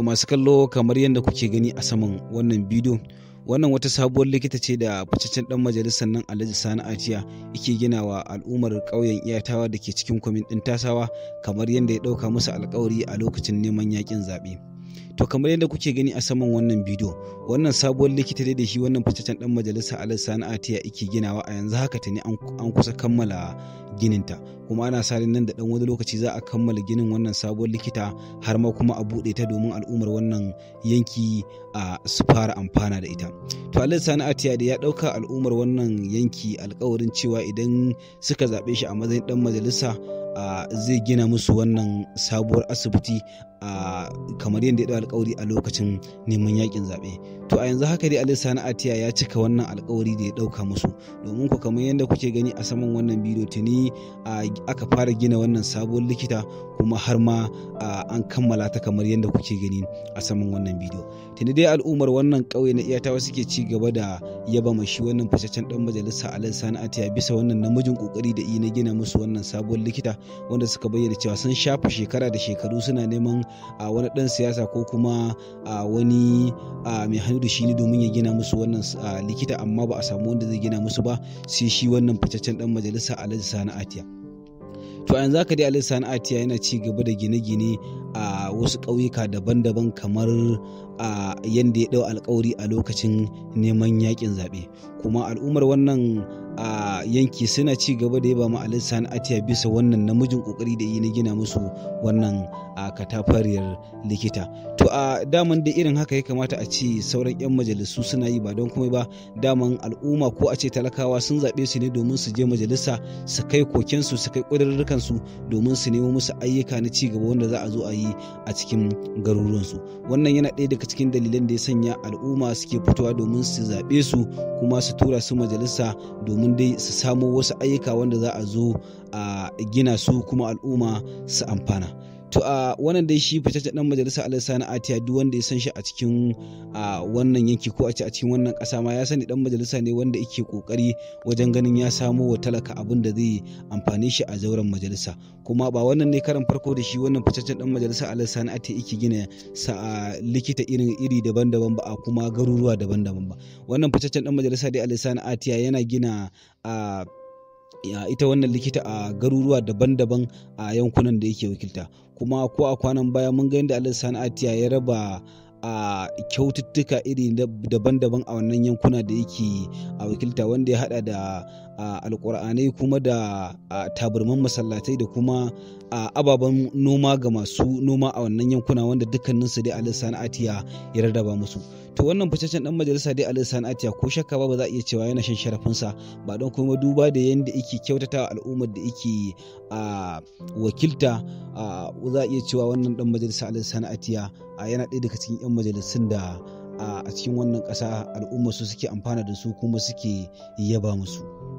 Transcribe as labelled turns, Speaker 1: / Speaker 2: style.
Speaker 1: To masu kallo kamar yadda kuke gani a saman wannan bidiyo wannan wata sabuwar likita ce da fitaccen dan majalisar nan Alhaji Sani Atiya yake gina wa al'ummar ƙauyen Iyatawa da ke cikin kwamin ɗin Tasawa kamar yadda ya ɗauka musu alƙawari a lokacin neman yakin zaɓe. to kamar yadda kuke gani a saman wannan bidiyo wannan sabuwar likita da shi wannan fitaccen dan majalisa Alassane Atiya ake ginawa a yanzu haka ta ne an kusa kammala ginin ta kuma ana sa nan da dan wani lokaci za a kammala ginin wannan sabuwar likita har ma kuma a bude ta domin al'ummar wannan yanki a su fara amfana da ita to Alassane Atiya da ya dauka al'ummar wannan yanki alkawarin cewa idan suka zabe shi a matsayin dan majalisa zai gina musu wannan sabuwar asibiti kamar yadda ya alkawari a lokacin neman yakin zaɓe to a yanzu haka dai alisani atiya ya cika wannan alkawari da ya ɗauka musu domin ku kamar yadda kuke gani a saman wannan bidiyo tuni aka fara gina wannan sabuwar likita kuma har ma an kammala ta kamar yadda kuke gani a saman wannan bidiyo tuni dai al'ummar wannan ƙauye na iyatawa suke ci gaba da yaba mai shi wannan fitaccen dan majalisa alisani atiya bisa wannan namijin kokari da na gina musu wannan sabuwar likita wanda suka bayyana cewa sun shafa shekara da shekaru suna neman a wani dan siyasa ko kuma wani mai hannu da shi ne domin ya gina musu wannan likita amma ba a samu wanda zai gina musu ba sai shi wannan fitaccen dan majalisa alhaji sani atiya to yanzu haka dai alhaji sani atiya yana ci gaba da gine-gine a wasu ƙauyuka daban-daban kamar a yadda ya ɗau alƙawari a lokacin neman yakin zaɓe kuma al'ummar wannan a yanki suna ci gaba da yaba ma alisan atiya bisa wannan namijin kokari da yi na gina musu wannan a katafariyar likita to a daman da irin haka ya kamata a ce sauran 'yan majalisu suna yi ba don kuma ba daman al'umma ko a ce talakawa sun zaɓe su ne domin su je majalisa su kai kokensu su kai ƙudurrukansu domin su nemo musu ayyuka na ci gaba wanda za a zo a yi yi a cikin garuruwansu wannan yana ɗaya daga cikin dalilan da ya sanya al'umma suke fitowa domin su zaɓe su kuma su tura su majalisa domin dai su samo wasu ayyuka wanda za a zo a gina su kuma al'umma su amfana to a wannan dai shi fitaccen dan majalisa alisani atiya duk wanda ya san shi a cikin wannan yanki ko a ce a cikin wannan kasa ma ya sani dan majalisa ne wanda yake kokari wajen ganin ya samo wa talaka abin da zai amfani shi a zauren majalisa kuma ba wannan ne karan farko da shi wannan fitaccen dan majalisa alisani atiya yake gina sa likita irin iri daban-daban ba a kuma garuruwa daban-daban ba wannan fitaccen dan majalisa dai alisani atiya yana gina a ita wannan likita a garuruwa daban-daban a yankunan da yake wakilta kuma ko a kwanan baya mun ga yadda alisan atiya ya raba a kyaututtuka iri daban-daban a wannan yankuna da yake a wakilta wanda ya hada da alkur'anai kuma da taburman masallatai da kuma ababen noma ga masu noma a wannan yankuna wanda su dai alisan atiya ya rarraba musu to wannan fitaccen dan majalisa dai alisan atiya ko shakka ba za a iya cewa yana shan sharafinsa ba don kuma duba da yadda yake kyautata al'ummar da yake wakilta za a iya cewa wannan dan majalisa alisan atiya yana ɗaya daga cikin 'yan majalisun da a cikin wannan ƙasa al'ummar su suke amfana da su kuma suke yaba musu.